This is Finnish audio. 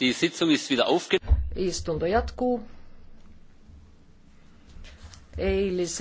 Die Sitzung ist wieder aufgenommen. Istunto jatkuu. Eilisen